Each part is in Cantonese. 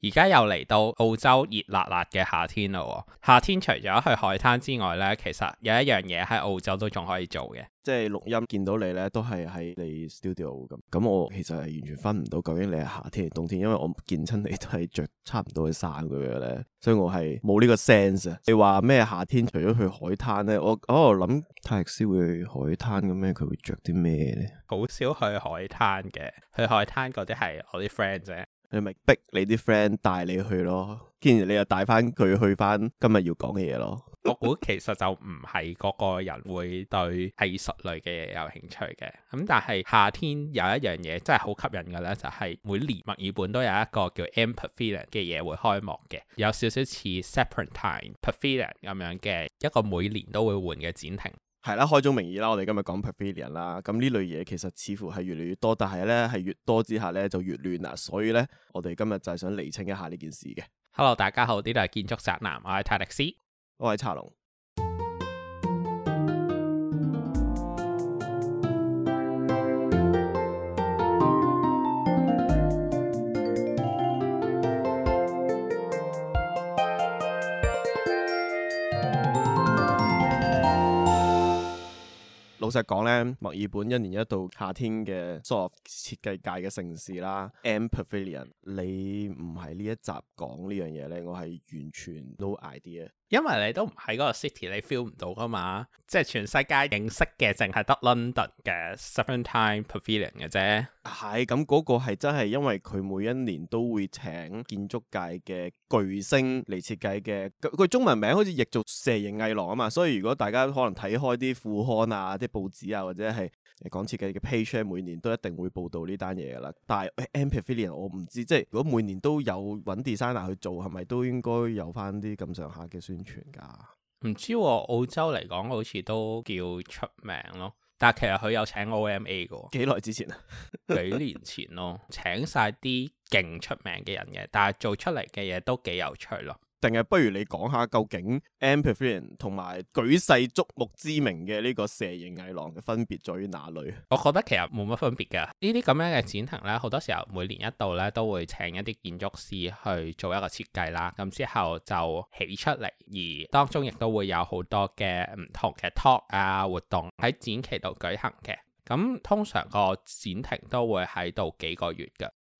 而家又嚟到澳洲熱辣辣嘅夏天啦喎！夏天除咗去海灘之外呢，其實有一樣嘢喺澳洲都仲可以做嘅，即係錄音見到你呢都係喺你 studio 咁。咁我其實係完全分唔到究竟你係夏天定冬天，因為我見親你都係着差唔多嘅衫咁樣呢，所以我係冇呢個 sense 啊！你話咩夏天除咗去海灘呢？我哦諗泰勒斯會去海灘咁，咩佢會着啲咩呢？好少去海灘嘅，去海灘嗰啲係我啲 friend 啫。你咪逼你啲 friend 帶你去咯，跟住你又帶翻佢去翻今日要講嘅嘢咯。 我估其實就唔係個個人會對藝術類嘅嘢有興趣嘅，咁、嗯、但係夏天有一樣嘢真係好吸引嘅咧，就係、是、每年墨爾本都有一個叫 MPavilion 嘅嘢會開幕嘅，有少少似 Serpentine Pavilion 咁樣嘅一個每年都會換嘅展亭。係啦，開宗明義啦，我哋今日講 pavilion 啦，咁呢類嘢其實似乎係越嚟越多，但係咧係越多之下咧就越亂啦，所以咧我哋今日就係想厘清一下呢件事嘅。Hello，大家好，呢度係建築宅男，我係泰迪斯，我係查龍。老實講咧，墨爾本一年一度夏天嘅裝飾設計界嘅盛事啦，MPavilion，你唔係呢一集講呢樣嘢咧，我係完全 no idea。因為你都唔喺嗰個 city，你 feel 唔到噶嘛。即係全世界認識嘅，淨係得 London 嘅 Serpentine Pavilion 嘅啫。係，咁嗰個係真係因為佢每一年都會請建築界嘅巨星嚟設計嘅。佢佢中文名好似譯做蛇形藝廊啊嘛。所以如果大家可能睇開啲副刊啊、啲報紙啊，或者係。講設計嘅 page 每年都一定會報道呢單嘢噶啦，但係 MPavilion 我唔知，即係如果每年都有揾 designer 去做，係咪都應該有翻啲咁上下嘅宣傳噶？唔知、啊、澳洲嚟講好似都叫出名咯，但係其實佢有請 O M A 㗎，幾耐之前啊？ 幾年前咯，請晒啲勁出名嘅人嘅，但係做出嚟嘅嘢都幾有趣咯。定係不如你講下，究竟 MPavilion 同埋舉世矚目之名嘅呢個蛇形藝廊嘅分別在於哪裏？我覺得其實冇乜分別嘅。這這呢啲咁樣嘅展亭咧，好多時候每年一度咧都會請一啲建築師去做一個設計啦，咁之後就起出嚟，而當中亦都會有好多嘅唔同嘅 talk 啊、活動喺展期度舉行嘅。咁通常個展亭都會喺度幾個月嘅。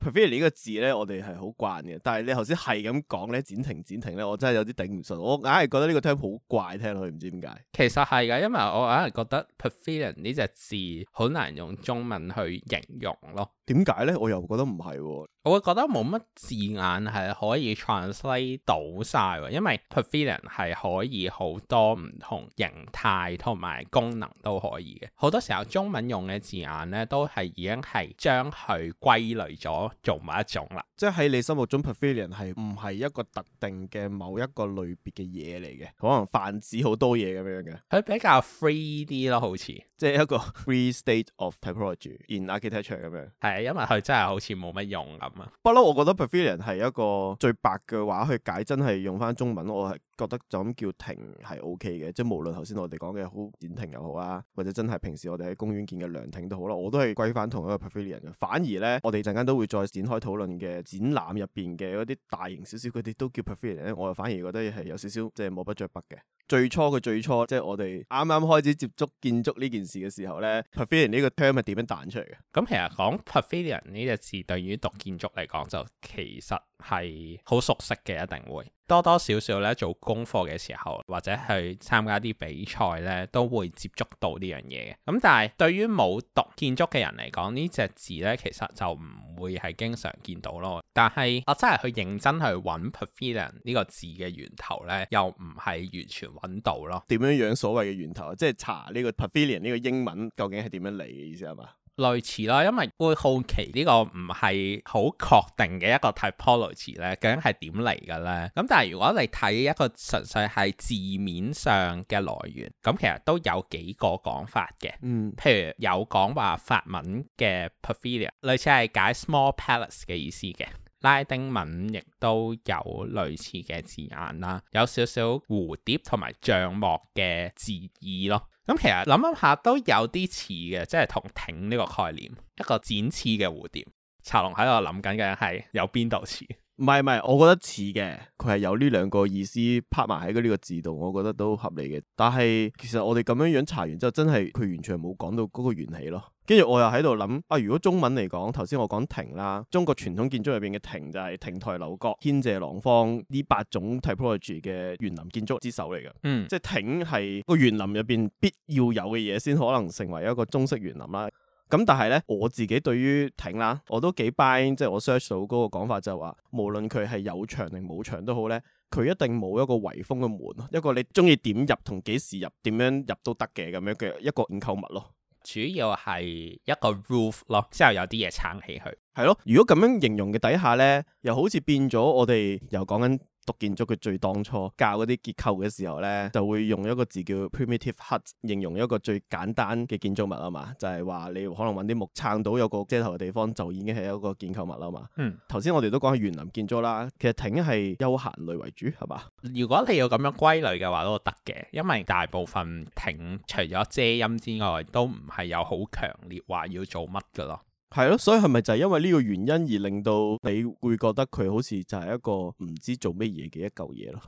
Pavilion 呢個字咧，我哋係好慣嘅，但係你頭先係咁講咧，展亭展亭咧，我真係有啲頂唔順，我硬係覺得呢個聽好怪，聽落去唔知點解。其實係嘅，因為我硬係覺得 Pavilion 呢隻字好難用中文去形容咯。點解咧？我又覺得唔係，我會覺得冇乜字眼係可以 translate 到曬，因為 Pavilion 係可以好多唔同形態同埋功能都可以嘅。好多時候中文用嘅字眼咧，都係已經係將佢歸類咗。做埋一種啦，即係喺你心目中 Pavilion 係唔係一個特定嘅某一個類別嘅嘢嚟嘅？可能泛指好多嘢咁樣嘅，佢比較 free 啲咯，好似即係一個 free state of typology in architecture 咁樣。係，因為佢真係好似冇乜用咁啊。不嬲，我覺得 Pavilion 係一個最白嘅話去解，真係用翻中文，我係。覺得就咁叫亭係 OK 嘅，即係無論頭先我哋講嘅好展亭又好啦，或者真係平時我哋喺公園見嘅涼亭都好啦，我都係歸翻同一個 pavilion 嘅。反而咧，我哋陣間都會再展開討論嘅展覽入邊嘅嗰啲大型少少，佢哋都叫 pavilion 咧，我又反而覺得係有少少即係摸不着北嘅。最初嘅最初即係我哋啱啱開始接觸建築呢件事嘅時候咧，pavilion 呢個 term 係點樣彈出嚟嘅？咁其實講 pavilion 呢隻字，對於讀建築嚟講就其實，係好熟悉嘅，一定會多多少少咧做功課嘅時候，或者去參加啲比賽咧，都會接觸到呢樣嘢嘅。咁但係對於冇讀建築嘅人嚟講，呢隻字咧其實就唔會係經常見到咯。但係我真係去認真去揾 Pavilion 呢個字嘅源頭咧，又唔係完全揾到咯。點樣樣所謂嘅源頭啊？即係查呢個 Pavilion 呢個英文究竟係點樣嚟嘅，意思，係嘛？類似啦，因為會好奇呢個唔係好確定嘅一個 typology 咧，究竟係點嚟嘅咧？咁但係如果你睇一個純粹係字面上嘅來源，咁其實都有幾個講法嘅。嗯，譬如有講話法文嘅 papilion，類似係解 small palace 嘅意思嘅。拉丁文亦都有類似嘅字眼啦，有少少蝴蝶同埋帳幕嘅字意咯。咁其實諗諗下都有啲似嘅，即係同挺呢個概念，一個展翅嘅蝴蝶。茶龍喺度諗緊嘅係有邊度似？唔係唔係，我覺得似嘅，佢係有呢兩個意思拍埋喺呢個字度，我覺得都合理嘅。但係其實我哋咁樣樣查完之後，真係佢完全冇講到嗰個緣起咯。跟住我又喺度諗啊，如果中文嚟講，頭先我講亭啦，中國傳統建築入邊嘅亭就係亭台樓閣、軒榭廊舫呢八種 typology 嘅園林建築之首嚟嘅。嗯，即係亭係個園林入邊必要有嘅嘢，先可能成為一個中式園林啦。咁但係呢，我自己對於亭啦，我都幾 bind，即係我 search 到嗰個講法就話，無論佢係有牆定冇牆都好呢，佢一定冇一個圍封嘅門，一個你中意點入同幾時入，點樣入都得嘅咁樣嘅一個構築物咯。主要係一個 roof 咯，之後有啲嘢撐起佢，係咯。如果咁樣形容嘅底下咧，又好似變咗我哋又講緊。建築佢最當初教嗰啲結構嘅時候咧，就會用一個字叫 primitive hut，形容一個最簡單嘅建築物啊嘛，就係話你可能揾啲木撐到有個遮頭嘅地方就已經係一個建築物啦嘛。嗯，頭先我哋都講係園林建築啦，其實亭係休閒類為主係嘛？如果你有咁樣歸類嘅話都得嘅，因為大部分亭除咗遮陰之外，都唔係有好強烈話要做乜噶咯。係咯，所以係咪就係因為呢個原因而令到你會覺得佢好似就係一個唔知做乜嘢嘅一嚿嘢咯？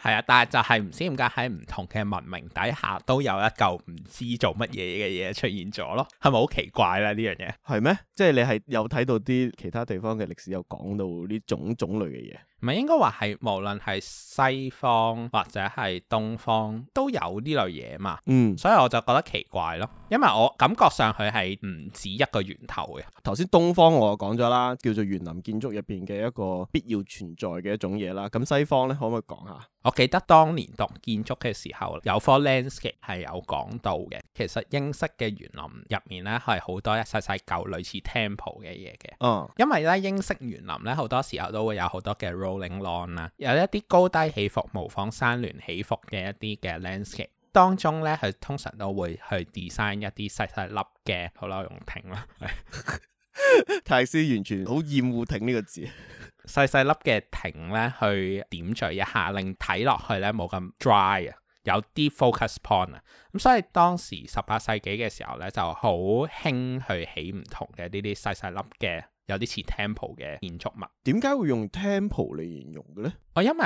係啊，但係就係唔知點解喺唔同嘅文明底下都有一嚿唔知做乜嘢嘅嘢出現咗咯？係咪好奇怪咧？呢樣嘢係咩？即係你係有睇到啲其他地方嘅歷史，有講到呢種種類嘅嘢。唔係應該話係無論係西方或者係東方都有呢類嘢嘛，嗯，所以我就覺得奇怪咯，因為我感覺上佢係唔止一個源頭嘅。頭先東方我講咗啦，叫做園林建築入邊嘅一個必要存在嘅一種嘢啦，咁西方呢，可唔可以講下？我記得當年讀建築嘅時候，有科 landscape 係有講到嘅。其實英式嘅園林入面咧，係好多一細細嚿類似 temple 嘅嘢嘅。嗯，因為咧英式園林咧好多時候都會有好多嘅 rolling lawn 啦，有一啲高低起伏，模仿山巒起伏嘅一啲嘅 landscape 當中咧，佢通常都會去 design 一啲細細粒嘅荷蘭用亭啦。 泰 斯完全好厭惡亭呢個字，細細粒嘅亭咧，去點綴一下，令睇落去咧冇咁 dry，有啲 focus point 啊。咁、嗯、所以當時十八世紀嘅時候咧，就好興去起唔同嘅呢啲細細粒嘅，有啲似 temple 嘅建築物。點解會用 temple 嚟形容嘅咧？我因為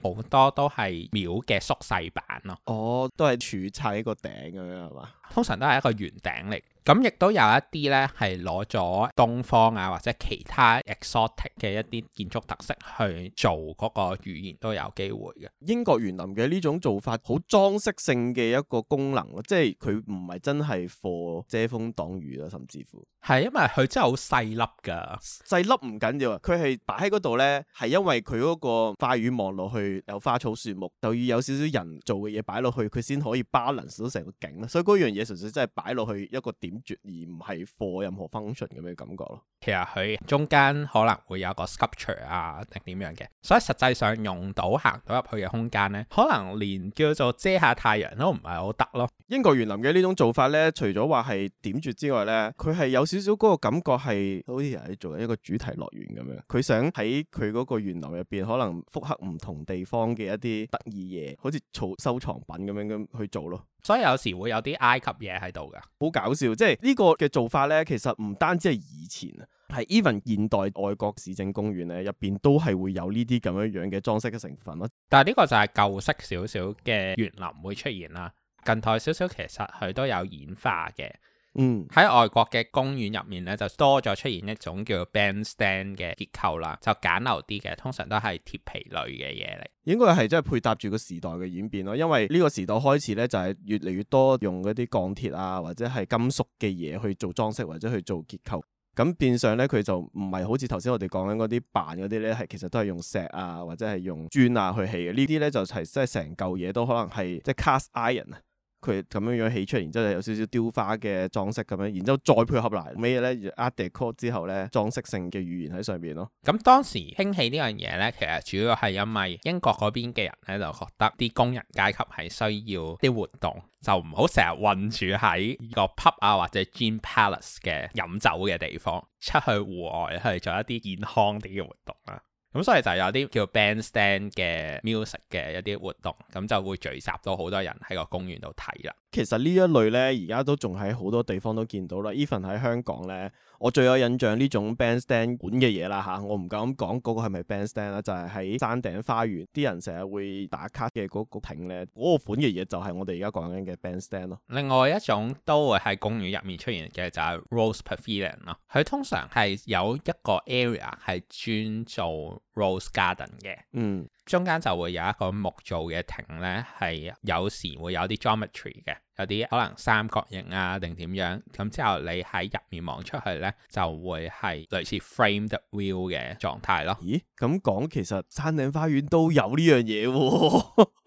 佢好多都係廟嘅縮細版咯。哦，都係柱砌一個頂咁樣係嘛？通常都係一個圓頂嚟。咁亦都有一啲咧，係攞咗東方啊，或者其他 exotic 嘅一啲建築特色去做嗰個語言都有機會嘅。英國園林嘅呢種做法，好裝飾性嘅一個功能咯，即係佢唔係真係 for 遮風擋雨啦，甚至乎係因為佢真係好細粒噶，細粒唔緊要呀，佢係擺喺嗰度咧，係因為佢嗰個花園望落去有花草樹木，就要有少少人做嘅嘢擺落去，佢先可以 balance 到成個景咯。所以嗰樣嘢純粹真係擺落去一個點。而唔係放任何 function 咁嘅感覺咯，其實佢中間可能會有個 sculpture 啊定點樣嘅，所以實際上用到行到入去嘅空間咧，可能連叫做遮下太陽都唔係好得咯。英國園林嘅呢種做法咧，除咗話係點綴之外咧，佢係有少少嗰個感覺係好似人做一個主題樂園咁樣，佢想喺佢嗰個園林入邊可能復刻唔同地方嘅一啲得意嘢，好似儲收藏品咁樣咁去做咯。所以有時會有啲埃及嘢喺度噶，好搞笑。即係呢個嘅做法呢，其實唔單止係以前啊，係 even 現代外國市政公園呢，入邊都係會有呢啲咁樣樣嘅裝飾嘅成分咯。但係呢個就係舊式少少嘅園林會出現啦。近代少少其實佢都有演化嘅。嗯，喺外國嘅公園入面咧，就多咗出現一種叫 band stand 嘅結構啦，就簡陋啲嘅，通常都係鐵皮類嘅嘢嚟。應該係即係配搭住個時代嘅演變咯，因為呢個時代開始咧，就係、是、越嚟越多用嗰啲鋼鐵啊或者係金屬嘅嘢去做裝飾或者去做結構。咁變相咧，佢就唔係好似頭先我哋講緊嗰啲板嗰啲咧，係其實都係用石啊或者係用磚啊去起嘅。呢啲咧就係即係成嚿嘢都可能係即 cast iron。佢咁樣樣起出，然之後有少少雕花嘅裝飾咁樣，然之後再配合埋尾咧，add decor 之後咧，裝飾性嘅語言喺上面咯。咁當時興起呢樣嘢咧，其實主要係因為英國嗰邊嘅人咧，就覺得啲工人階級係需要啲活動，就唔好成日韞住喺個 pub 啊或者 gin palace 嘅飲酒嘅地方，出去戶外去做一啲健康啲嘅活動啦。咁所以就有啲叫 bandstand 嘅 music 嘅一啲活動，咁就會聚集到好多人喺個公園度睇啦。其實呢一類咧，而家都仲喺好多地方都見到啦。even 喺香港咧。我最有印象呢種 Bandstand 款嘅嘢啦嚇，我唔敢講嗰個係咪 Bandstand 啦，就係、是、喺山頂花園啲人成日會打卡嘅嗰個亭咧，嗰、那個款嘅嘢就係我哋而家講緊嘅 Bandstand 咯。另外一種都會喺公園入面出現嘅就係 Rose Pavilion 咯，佢通常係有一個 area 係專做 Rose Garden 嘅。嗯中間就會有一個木造嘅亭咧，係有時會有啲 geometry 嘅，有啲可能三角形啊定點樣。咁之後你喺入面望出去咧，就會係類似 frame the view 嘅狀態咯。咦？咁講其實山頂花園都有呢樣嘢喎。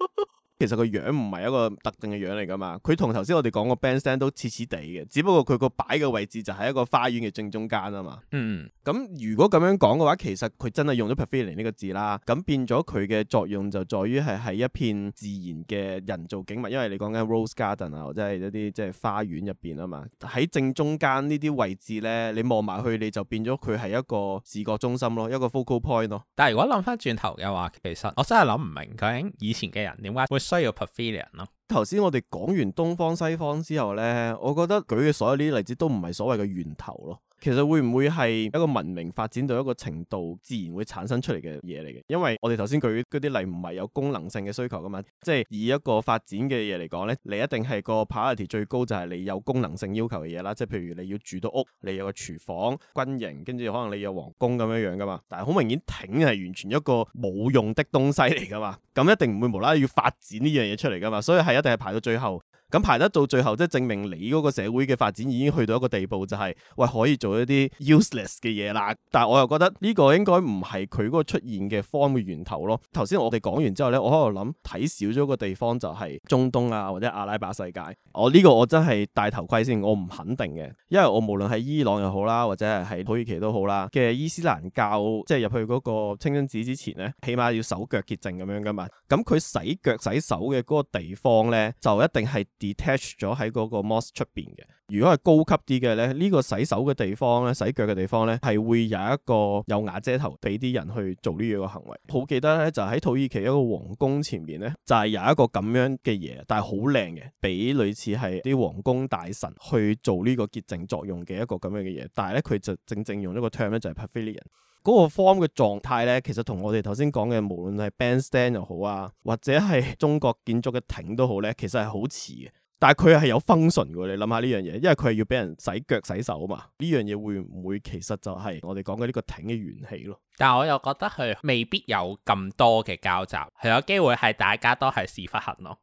其實個樣唔係一個特定嘅樣嚟噶嘛，佢同頭先我哋講個 bandstand 都似似地嘅，只不過佢個擺嘅位置就係一個花園嘅正中間啊嘛。嗯，咁如果咁樣講嘅話，其實佢真係用咗 pavilion 呢個字啦，咁變咗佢嘅作用就在於係喺一片自然嘅人造景物，因為你講緊 rose garden 啊，或者係一啲即係花園入邊啊嘛，喺正中間呢啲位置咧，你望埋去你就變咗佢係一個視覺中心咯，一個 focal point 咯。但係如果諗翻轉頭嘅話，其實我真係諗唔明，究竟以前嘅人點解所以有 pavilion 咯。頭先我哋講完東方西方之後咧，我覺得舉嘅所有呢啲例子都唔係所謂嘅源頭咯。其實會唔會係一個文明發展到一個程度，自然會產生出嚟嘅嘢嚟嘅？因為我哋頭先舉嗰啲例，唔係有功能性嘅需求噶嘛。即係以一個發展嘅嘢嚟講咧，你一定係個 priority 最高，就係你有功能性要求嘅嘢啦。即係譬如你要住到屋，你有個廚房、軍營，跟住可能你有皇宮咁樣樣噶嘛。但係好明顯，亭係完全一個冇用的東西嚟噶嘛。咁一定唔會無啦啦要發展呢樣嘢出嚟噶嘛。所以係一定係排到最後。咁排得到最後，即係證明你嗰個社會嘅發展已經去到一個地步，就係喂可以做一啲 useless 嘅嘢啦。但係我又覺得呢個應該唔係佢嗰個出現嘅 form 嘅源頭咯。頭先我哋講完之後咧，我喺度諗，睇少咗個地方就係中東啊，或者阿拉伯世界。我呢個我真係戴頭盔先，我唔肯定嘅，因為我無論喺伊朗又好啦，或者係土耳其都好啦嘅伊斯蘭教，即係入去嗰個清真寺之前咧，起碼要手腳潔淨咁樣噶嘛。咁佢洗腳洗手嘅嗰個地方咧，就一定係 detached 咗喺嗰個 mosque 出邊嘅。如果係高級啲嘅咧，呢、呢個洗手嘅地方咧，洗腳嘅地方咧，係會有一個有瓦遮頭，俾啲人去做呢樣嘅行為。好記得咧，就喺、是、土耳其一個皇宮前面咧，就係、是、有一個咁樣嘅嘢，但係好靚嘅，俾類似係啲皇宮大臣去做呢個潔淨作用嘅一個咁樣嘅嘢。但係咧，佢就正正用一個 term 咧，就係 pavilion 嗰個 form 嘅狀態咧，其實同我哋頭先講嘅，無論係 bandstand 又好啊，或者係中國建築嘅亭都好咧，其實係好似嘅。但係佢係有 function 嘅，你諗下呢樣嘢，因為佢係要俾人洗腳洗手啊嘛。呢樣嘢會唔會其實就係我哋講嘅呢個亭嘅源起咯？但係我又覺得佢未必有咁多嘅交集，係有機會係大家都係事忽行咯。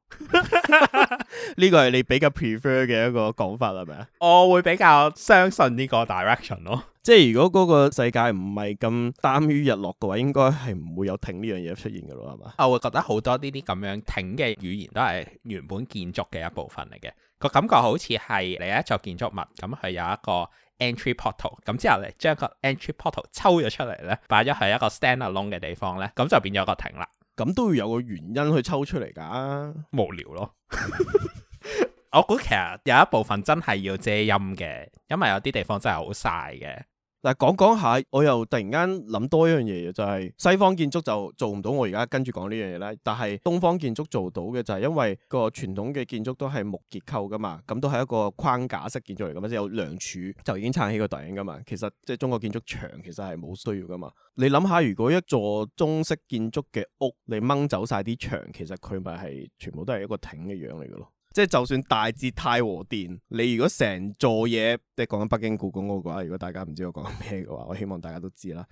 呢 個係你比較 prefer 嘅一個講法係咪啊？我會比較相信呢個 direction 咯。即係如果嗰個世界唔係咁耽於日落嘅話，應該係唔會有亭呢樣嘢出現嘅咯，係嘛？我會覺得好多呢啲咁樣亭嘅語言都係原本建築嘅一部分嚟嘅。個感覺好似係你一座建築物咁，係有一個 entry portal，咁之後咧將個 entry portal 抽咗出嚟咧，擺咗喺一個 stand-alone 嘅地方咧，咁就變咗個亭啦。咁都要有個原因去抽出嚟㗎、啊，無聊咯。 我估其實有一部分真係要遮陰嘅，因為有啲地方真係好曬嘅。但講講下，我又突然間諗多一樣嘢，就係西方建築就做唔到我而家跟住講呢樣嘢咧。但係東方建築做到嘅，就係因為個傳統嘅建築都係木結構噶嘛，咁都係一個框架式建築嚟噶嘛，有梁柱就已經撐起個頂噶嘛。其實即係中國建築，牆其實係冇需要噶嘛。你諗下，如果一座中式建築嘅屋你掹走晒啲牆，其實佢咪係全部都係一個亭嘅樣嚟嘅咯？即係就算大至太和殿，你如果成座嘢，即係講緊北京故宮嗰個話，如果大家唔知我講緊咩嘅話，我希望大家都知啦。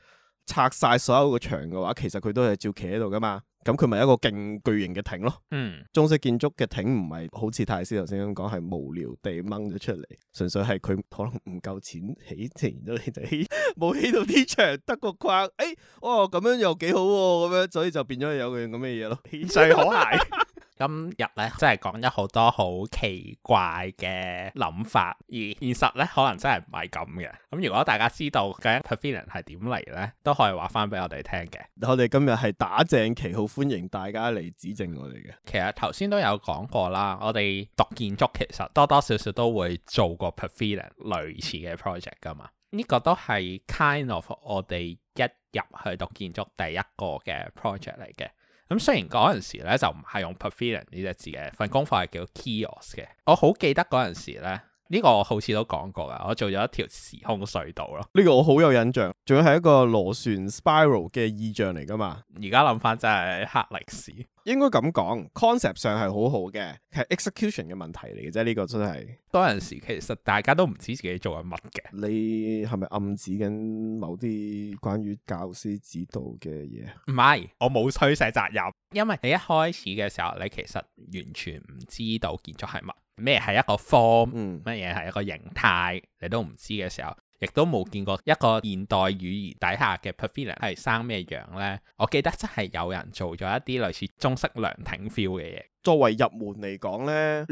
拆晒所有個牆嘅話，其實佢都係照企喺度噶嘛。咁佢咪一個勁巨型嘅亭咯。嗯，中式建築嘅亭唔係好似太師頭先咁講，係無聊地掹咗出嚟，純粹係佢可能唔夠錢起，然之後佢就起冇起到啲牆，得個框。哎，哦咁樣又幾好喎，啊，咁樣所以就變咗有個樣咁嘅嘢咯，險峻可恥。今日咧，真係講咗好多好奇怪嘅諗法，而現實咧可能真係唔係咁嘅。咁如果大家知道嘅 pavilion 係點嚟咧？都可以話翻俾我哋聽嘅。我哋今日係打正旗號，歡迎大家嚟指正我哋嘅。其實頭先都有講過啦，我哋讀建築其實多多少少都會做過 pavilion 類似嘅 project 噶嘛。呢個都係 kind of 我哋一入去讀建築第一個嘅 project 嚟嘅。咁雖然嗰陣時咧就唔係用 pavilion 呢隻字嘅，份功課係叫 kiosk 嘅。我好記得嗰陣時咧，呢個我好似都講過啦。我做咗一條時空隧道咯，呢個我好有印象。仲要係一個螺旋 spiral 嘅意象嚟噶嘛？而家諗翻就係黑歷史。應該咁講，concept 上係好好嘅，係 execution 嘅問題嚟嘅啫。呢、這個真係多陣時，其實大家都唔知自己做緊乜嘅。你係咪暗指緊某啲關於教師指導嘅嘢？唔係，我冇推卸責任，因為你一開始嘅時候，你其實完全唔知道建築係乜，咩係一個 form，嗯，乜嘢係一個形態，你都唔知嘅時候。亦都冇見過一個現代語言底下嘅 pavilion 係生咩樣咧？我記得真係有人做咗一啲類似中式涼亭 feel 嘅嘢。作為入門嚟講咧，呢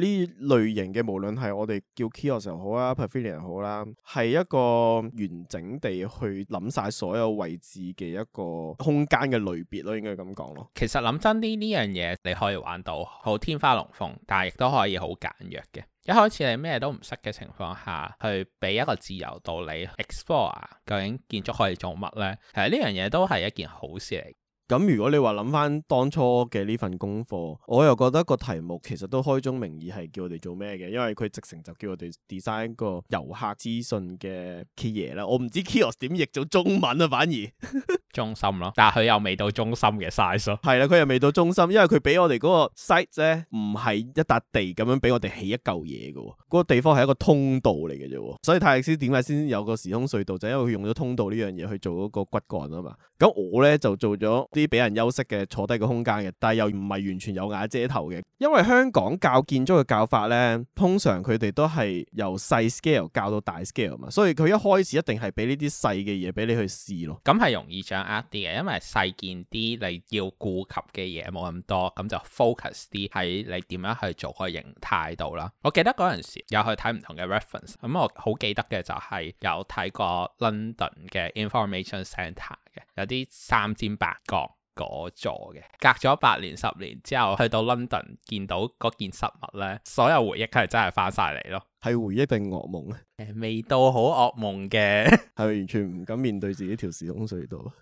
類型嘅無論係我哋叫 Kiosk 又好啦，Pavilion 好啦，係一個完整地去諗晒所有位置嘅一個空間嘅類別咯，應該咁講咯。其實諗真啲呢樣嘢，你可以玩到好天花龍鳳，但係亦都可以好簡約嘅。一開始你咩都唔識嘅情況下，去俾一個自由度你 explore，啊。究竟建築可以做乜咧？其實呢樣嘢都係一件好事嚟。咁如果你話諗翻當初嘅呢份功課，我又覺得個題目其實都開宗明義係叫我哋做咩嘅，因為佢直程就叫我哋 design 個遊客資訊嘅 kiosk 啦。我唔知 kiosk 點譯做中文啊，反而 中心咯。但係佢又未到中心嘅 size 咯。係啦， 佢又未到中心，因為佢俾我哋嗰個 site 咧唔係一笪地咁樣俾我哋起一嚿嘢嘅，嗰、嗰個地方係一個通道嚟嘅啫。所以泰勒斯點解先有個時空隧道，就是、因為佢用咗通道呢樣嘢去做嗰個骨幹啊嘛。咁我咧就做咗啲俾人休息嘅坐低嘅空間嘅，但係又唔係完全有瓦遮頭嘅，因為香港教建築嘅教法咧，通常佢哋都係由細 scale 教到大 scale 嘛，所以佢一開始一定係俾呢啲細嘅嘢俾你去試咯。咁係容易掌握啲嘅，因為細件啲，你要顧及嘅嘢冇咁多，咁就 focus 啲喺你點樣去做個形態度啦。我記得嗰陣時有去睇唔同嘅 reference，咁我好記得嘅就係有睇過 London 嘅 Information Centre 嘅啲三尖八角嗰座嘅，隔咗八年十年之後去到 London 見到嗰件失物咧，所有回憶佢真係翻晒嚟咯。係回憶定噩夢啊？誒，未到好噩夢嘅，係咪完全唔敢面對自己條時空隧道，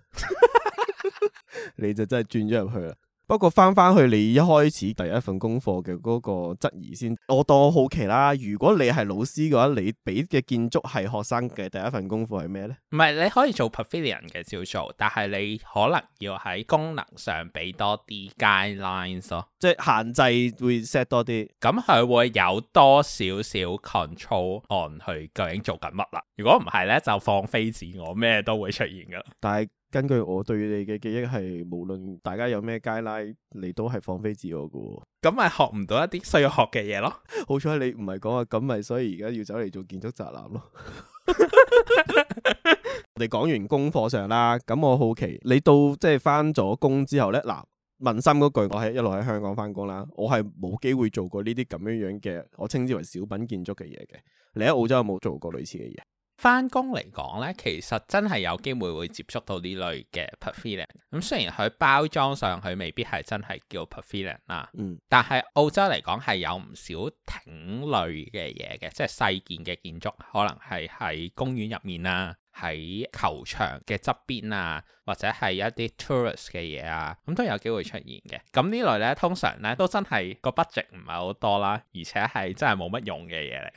你就真係轉咗入去啦。不過返返去你一開始第一份功課嘅嗰個質疑先，我當我好奇啦。如果你係老師嘅話，你俾嘅建築係學生嘅第一份功課係咩呢？唔係你可以做 Pavilion 嘅小組，但係你可能要喺功能上俾多啲 guidelines 咯，即係限制會 set 多啲。咁係會有多少少 control 按去究竟做緊乜啦？如果唔係呢，就放飛自我，我咩都會出現噶。但係根據我對你嘅記憶係，無論大家有咩街拉，你都係放飛自我嘅，咁咪學唔到一啲需要學嘅嘢咯。好彩你唔係講話，咁咪所以而家要走嚟做建築宅男咯。我哋講完功課上啦，咁我好奇你到即係翻咗工之後咧，嗱、嗯，問心嗰句，我係一路喺香港翻工啦，我係冇機會做過呢啲咁樣樣嘅，我稱之為小品建築嘅嘢嘅。你喺澳洲有冇做過類似嘅嘢？翻工嚟講呢，其實真係有機會會接觸到呢類嘅 pavilion。咁雖然佢包裝上佢未必係真係叫 pavilion 啦，嗯，但係澳洲嚟講係有唔少亭類嘅嘢嘅，即係細件嘅建築，可能係喺公園入面啦，喺球場嘅側邊啊，或者係一啲 tourist 嘅嘢啊，咁都有機會出現嘅。咁呢類呢，通常呢都真係個 budget 唔係好多啦，而且係真係冇乜用嘅嘢嚟。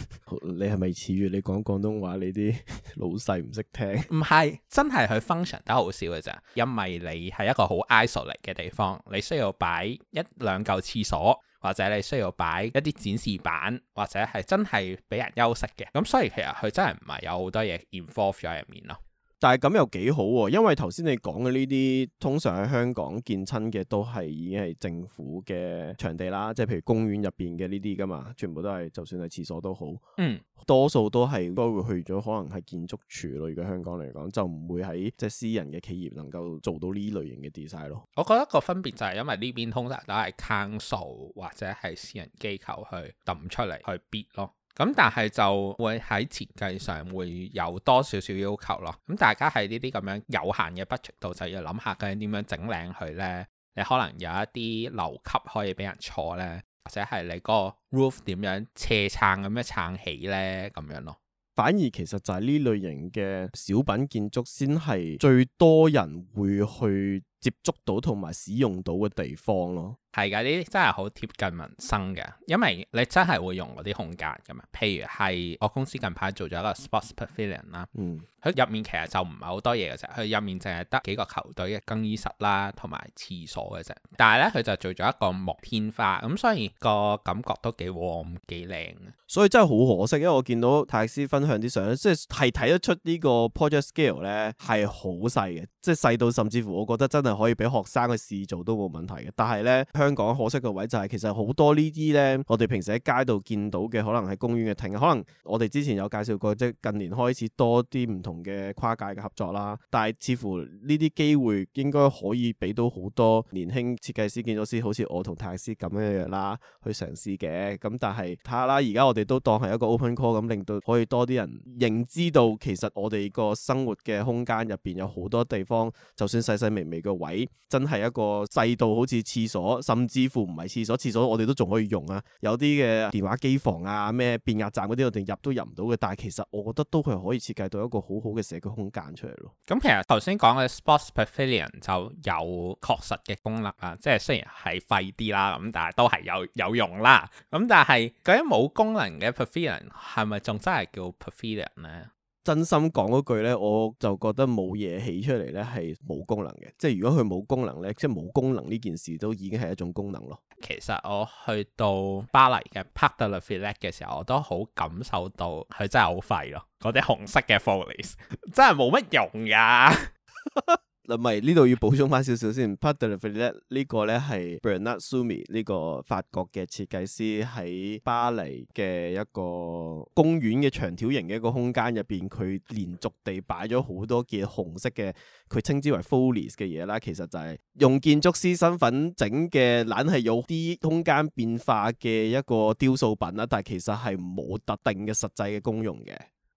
你係咪似於你講廣東話你啲老細唔識聽？唔係，真係佢 function 得好少嘅咋，因為你係一個好 isolate 嘅地方，你需要擺一兩嚿廁所，或者你需要擺一啲展示板，或者係真係俾人休息嘅。咁所以其實佢真係唔係有好多嘢 involve 咗入面咯。但係咁又幾好喎、哦，因為頭先你講嘅呢啲，通常喺香港見親嘅都係已經係政府嘅場地啦，即係譬如公園入邊嘅呢啲㗎嘛，全部都係就算係廁所都好，嗯，多數都係都會去咗，可能係建築署類嘅香港嚟講，就唔會喺即係私人嘅企業能夠做到呢類型嘅 design 咯。我覺得個分別就係因為呢邊通常都係 council 或者係私人機構去揼出嚟去 bid 咯。咁但係就會喺設計上會有多少少要求咯。咁大家喺呢啲咁樣有限嘅 budget 度就要諗下究竟點樣整靚佢咧。你可能有一啲樓級可以俾人坐咧，或者係你個 roof 點樣斜撐咁樣撐起咧咁樣咯。反而其實就係呢類型嘅小品建築先係最多人會去接觸到同埋使用到嘅地方咯。係噶，呢啲真係好貼近民生嘅，因為你真係會用嗰啲空間㗎嘛。譬如係我公司近排做咗一個 sports pavilion 啦、嗯，佢入面其實就唔係好多嘢嘅啫，佢入面淨係得幾個球隊嘅更衣室啦，同埋廁所嘅啫。但係咧，佢就做咗一個木天花，咁所以個感覺都幾 warm 幾靚嘅。所以真係好可惜，因為我見到泰斯分享啲相咧，即係係睇得出個呢個 project scale 咧係好細嘅，即係細到甚至乎我覺得真係可以俾學生去試做都冇問題嘅。但係咧。香港可惜嘅位就係其實好多呢啲咧，我哋平時喺街度見到嘅，可能喺公園嘅亭，可能我哋之前有介紹過，即係近年開始多啲唔同嘅跨界嘅合作啦。但係似乎呢啲機會應該可以俾到好多年輕設計師、建築師好似我同泰師咁樣樣啦，去嘗試嘅。咁但係睇下啦，而家我哋都當係一個 open call，咁令到可以多啲人認知到其實我哋個生活嘅空間入邊有好多地方，就算細細微微個位，真係一個細到好似廁所。甚至乎唔係廁所，廁所我哋都仲可以用啊。有啲嘅電話機房啊，咩變壓站嗰啲，我哋入都入唔到嘅。但係其實我覺得都係可以設計到一個好好嘅社區空間出嚟咯。咁其實頭先講嘅 sports pavilion 就有確實嘅功能啊，即係雖然係廢啲啦，咁但係都係有有用啦。咁但係嗰啲冇功能嘅 pavilion 係咪仲真係叫 pavilion 咧？真心講嗰句咧，我就覺得冇嘢起出嚟咧係冇功能嘅，即係如果佢冇功能咧，即係冇功能呢件事都已經係一種功能咯。其實我去到巴黎嘅 Parc de la Villette 嘅時候，我都好感受到佢真係好廢咯，嗰啲紅色嘅 folies 真係冇乜用噶。 嗱，咪呢度要補充翻少少先。Parc de la Villette 呢、呢個咧係 Bernard Tschumi 呢個法國嘅設計師喺巴黎嘅一個公園嘅長條形嘅一個空間入邊，佢連續地擺咗好多件紅色嘅，佢稱之為 folies 嘅嘢啦。其實就係用建築師身份整嘅，懶係有啲空間變化嘅一個雕塑品啦，但係其實係冇特定嘅實際嘅功用嘅。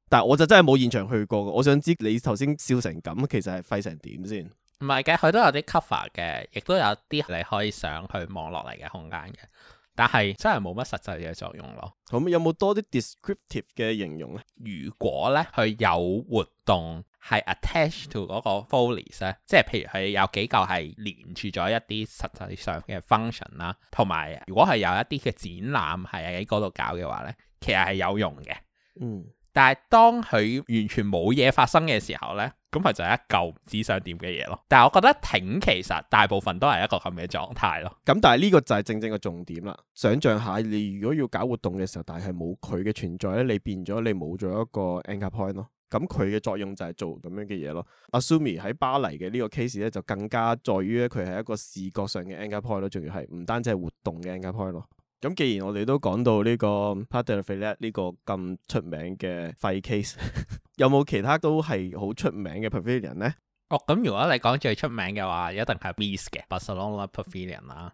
但我就真係冇現場去過，我想知你頭先笑成咁，其實係費成點先？唔係嘅，佢都有啲 cover 嘅，亦都有啲你可以上去望落嚟嘅空間嘅，但係真係冇乜實際嘅作用咯。咁、嗯、有冇多啲 descriptive 嘅形容咧？如果咧佢有活動係 attach to 嗰個 follies 咧，即係譬如佢有幾嚿係連住咗一啲實際上嘅 function 啦，同埋如果係有一啲嘅展覽係喺嗰度搞嘅話咧，其實係有用嘅。嗯。但係當佢完全冇嘢發生嘅時候咧，咁咪就係一嚿唔知想點嘅嘢咯。但係我覺得亭其實大部分都係一個咁嘅狀態咯。咁但係呢個就係正正嘅重點啦。想像下你如果要搞活動嘅時候，但係冇佢嘅存在咧，你變咗你冇咗一個 anchor point 咯。咁佢嘅作用就係做咁樣嘅嘢咯。Assume 喺巴黎嘅呢個 case 咧，就更加在於咧佢係一個視覺上嘅 anchor point 咯，仲要係唔單止係活動嘅 anchor point 咯。咁既然我哋都講到呢個 Paterfiliat 呢個咁出名嘅廢 case， 有冇其他都係好出名嘅 Pavilion 咧？哦，咁如果你講最出名嘅話，一定係 Beast 嘅 Barcelona Pavilion 啦。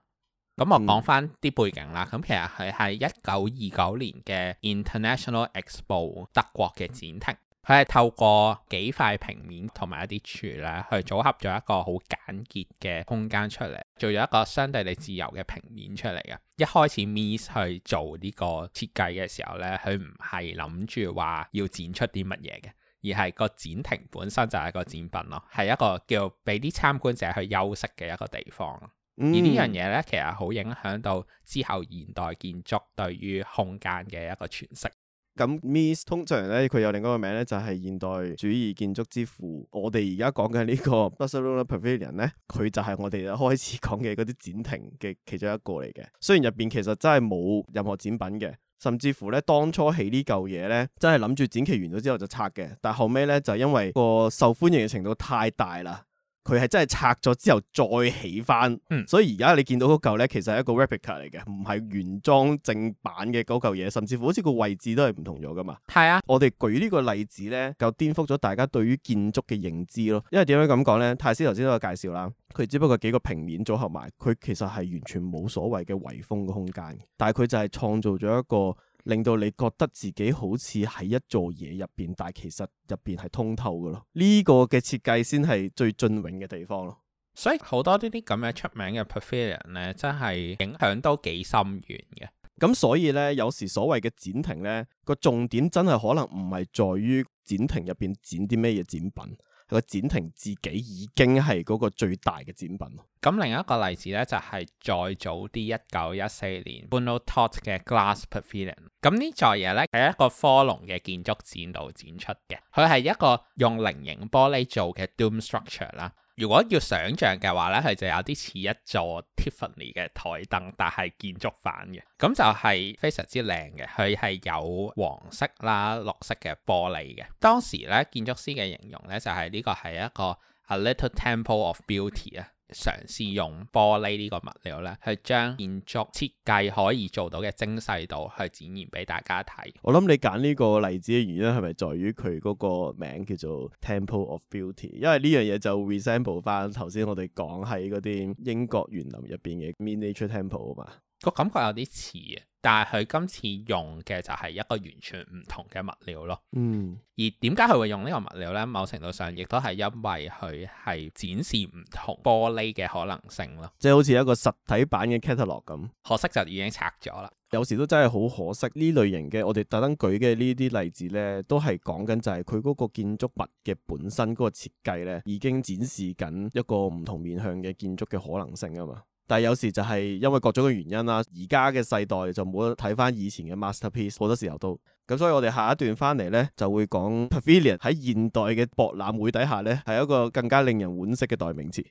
咁我講翻啲背景啦。咁、嗯、其實佢係一九二九年嘅 International Expo 德國嘅展廳。佢係透過幾塊平面同埋一啲柱咧，去組合咗一個好簡潔嘅空間出嚟，做咗一個相對你自由嘅平面出嚟嘅。一開始 Miss 去做呢個設計嘅時候咧，佢唔係諗住話要展出啲乜嘢嘅，而係個展亭本身就係一個展品咯，係一個叫俾啲參觀者去休息嘅一個地方。而呢樣嘢咧，其實好影響到之後現代建築對於空間嘅一個詮釋。咁 Mies 通常咧，佢有另外個名咧，就係、是、現代主義建築之父。我哋而家講嘅呢個 Barcelona Pavilion 咧，佢就係我哋開始講嘅嗰啲展亭嘅其中一個嚟嘅。雖然入邊其實真係冇任何展品嘅，甚至乎咧，當初起呢嚿嘢咧，真係諗住展期完咗之後就拆嘅，但係後尾咧，就因為個受歡迎嘅程度太大啦。佢係真係拆咗之後再起翻，嗯、所以而家你見到嗰嚿呢，其實係一個 replica 嚟嘅，唔係原裝正版嘅嗰嚿嘢，甚至乎好似個位置都係唔同咗噶嘛。係啊、嗯，我哋舉呢個例子呢，就顛覆咗大家對於建築嘅認知咯。因為點樣咁講呢？泰斯頭先都有介紹啦，佢只不過幾個平面組合埋，佢其實係完全冇所謂嘅圍封嘅空間，但係佢就係創造咗一個。令到你覺得自己好似喺一座嘢入邊，但其實入邊係通透嘅咯。呢、這個嘅設計先係最雋永嘅地方咯。所以好多呢啲咁嘅出名嘅 pavilion 咧，真係影響都幾深遠嘅。咁所以咧，有時所謂嘅展亭咧，個重點真係可能唔係在於展亭入邊展啲咩嘢展品。個展亭自己已經係嗰個最大嘅展品咯。咁另一個例子咧，就係、是、再早啲一九一四年，Bruno Taut 嘅 Glass Pavilion。咁呢座嘢咧係一個科隆嘅建築展度展出嘅。佢係一個用菱形玻璃做嘅 Dome Structure 啦。如果要想象嘅話咧，佢就有啲似一座 Tiffany 嘅台燈，但係建築版嘅，咁就係非常之靚嘅。佢係有黃色啦、綠色嘅玻璃嘅。當時咧，建築師嘅形容呢，就係、是、呢個係一個 A little temple of beauty 啊。嘗試用玻璃呢個物料咧，去將建築設計可以做到嘅精細度，去展現俾大家睇。我諗你揀呢個例子嘅原因係咪在於佢嗰個名叫做 Temple of Beauty？因為呢樣嘢就 resemble 翻頭先我哋講喺嗰啲英國園林入邊嘅 miniature temple 啊嘛。個感覺有啲似嘅，但係佢今次用嘅就係一個完全唔同嘅物料咯。嗯，而點解佢會用呢個物料呢？某程度上亦都係因為佢係展示唔同玻璃嘅可能性咯。即係好似一個實體版嘅 catalog 咁，可惜就已經拆咗啦。有時都真係好可惜，呢類型嘅，我哋特登舉嘅呢啲例子呢，都係講緊就係佢嗰個建築物嘅本身嗰個設計呢，已經展示緊一個唔同面向嘅建築嘅可能性啊嘛。但有時就係因為各種嘅原因啦，而家嘅世代就冇得睇翻以前嘅 masterpiece，好多時候都咁，所以我哋下一段翻嚟咧就會講 Pavilion 喺現代嘅博覽會底下咧係一個更加令人惋惜嘅代名詞。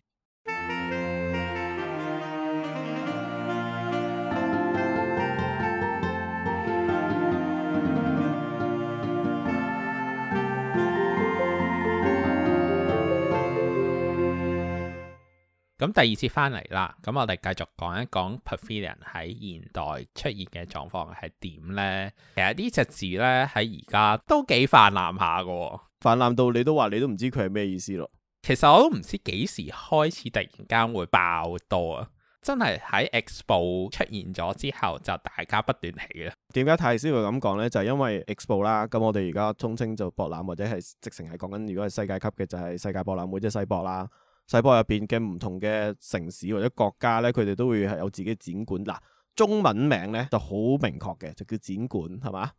咁第二次翻嚟啦，咁我哋繼續講一講 Pavilion 喺現代出現嘅狀況係點呢？其實呢隻字呢，喺而家都幾泛濫下嘅、哦，泛濫到你都話你都唔知佢係咩意思咯。其實我都唔知幾時開始突然間會爆多啊！真係喺 Expo 出現咗之後就大家不斷起啦。點解泰斯會咁講呢？就係、是、因為 Expo 啦。咁我哋而家中稱就博覽或者係直情係講緊，如果係世界級嘅就係世界博覽會即係世博啦。世博入邊嘅唔同嘅城市或者國家咧，佢哋都會係有自己展館。嗱，中文名咧就好明確嘅，就叫展館係嘛。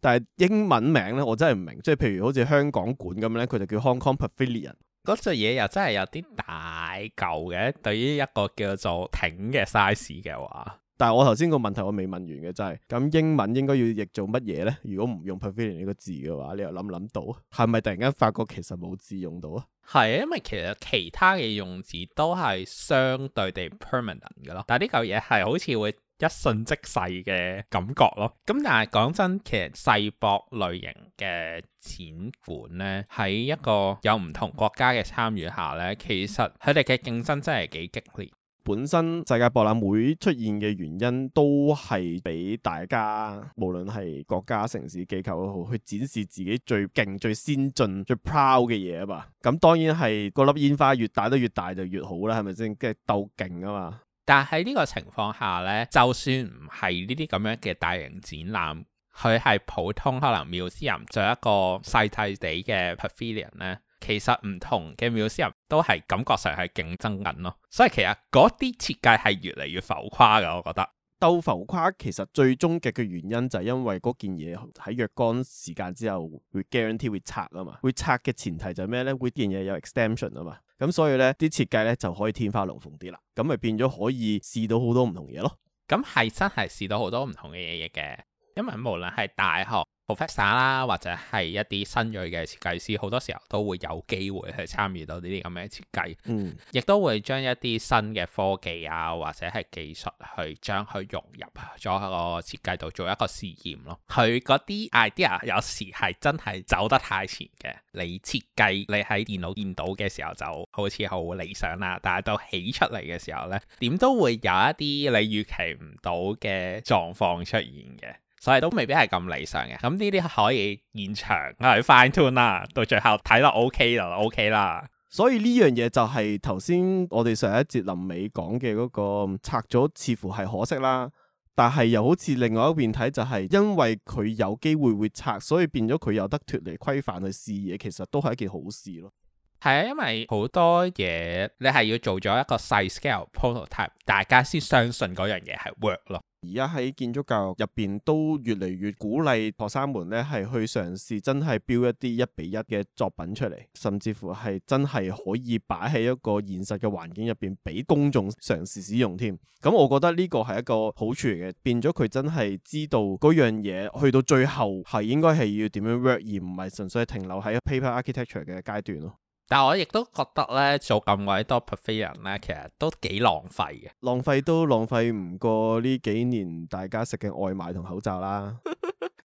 但係英文名咧，我真係唔明。即係譬如好似香港館咁咧，佢就叫 Hong Kong Pavilion。嗰隻嘢，又真係有啲大舊嘅，對於一個叫做亭嘅 size 嘅話。但係我頭先個問題我未問完嘅就係、是，咁英文應該要譯做乜嘢呢？如果唔用 permanent 呢個字嘅話，你又諗唔諗到？係咪突然間發覺其實冇字用到啊？係啊，因為其實其他嘅用字都係相對地 permanent 嘅咯。但係呢嚿嘢係好似會一瞬即逝嘅感覺咯。咁但係講真，其實世博類型嘅展館呢，喺一個有唔同國家嘅參與下呢，其實佢哋嘅競爭真係幾激烈。本身世界博覽會出現嘅原因都係俾大家，無論係國家、城市、機構都好去展示自己最勁、最先進、最 proud 嘅嘢啊嘛。咁、嗯、當然係個粒煙花越大都越大就越，越好啦，係咪先？即係鬥勁啊嘛。但係喺呢個情況下呢，就算唔係呢啲咁樣嘅大型展覽，佢係普通可能妙思人做一個細細地嘅 pavilion 呢。其實唔同嘅 museum 都係感覺上係競爭緊咯，所以其實嗰啲設計係越嚟越浮誇㗎，我覺得。鬥浮誇其實最終極嘅原因就係因為嗰件嘢喺若干時間之後會 guarantee 會拆啊嘛，會拆，會拆嘅前提就係咩咧？會啲嘢有 extension 啊嘛，咁所以咧啲設計咧就可以天花龍鳳啲啦，咁咪變咗可以試到好多唔同嘢咯。咁係真係試到好多唔同嘅嘢嘅。因為無論係大學 professor 啦，或者係一啲新銳嘅設計師，好多時候都會有機會去參與到呢啲咁嘅設計，嗯，亦都會將一啲新嘅科技啊，或者係技術去將佢融入咗喺個設計度，做一個試驗咯。佢嗰啲 idea 有時係真係走得太前嘅，你設計你喺電腦見到嘅時候就好似好理想啦，但係到起出嚟嘅時候呢，點都會有一啲你預期唔到嘅狀況出現嘅。所以都未必係咁理想嘅，咁呢啲可以現場、啊、去 fine tune 啦，到最後睇落 OK 就 OK 啦。OK 啦，所以呢樣嘢就係頭先我哋上一節臨尾講嘅嗰個拆咗，似乎係可惜啦，但係又好似另外一邊睇就係因為佢有機會會拆，所以變咗佢有得脫離規範去試嘢，其實都係一件好事咯。係啊，因為好多嘢你係要做咗一個細 scale prototype，大家先相信嗰樣嘢係 work 咯。而家喺建築教育入邊都越嚟越鼓勵學生們咧，係去嘗試真係標一啲一比一嘅作品出嚟，甚至乎係真係可以擺喺一個現實嘅環境入邊俾公眾嘗試使用添。咁，嗯，我覺得呢個係一個好處嚟嘅，變咗佢真係知道嗰樣嘢去到最後係應該係要點樣 work，而唔係純粹係停留喺 paper architecture 嘅階段咯。但係我亦都覺得咧做咁鬼多 pavilion 咧，其實都幾浪費嘅，浪費都浪費唔過呢幾年大家食嘅外賣同口罩啦。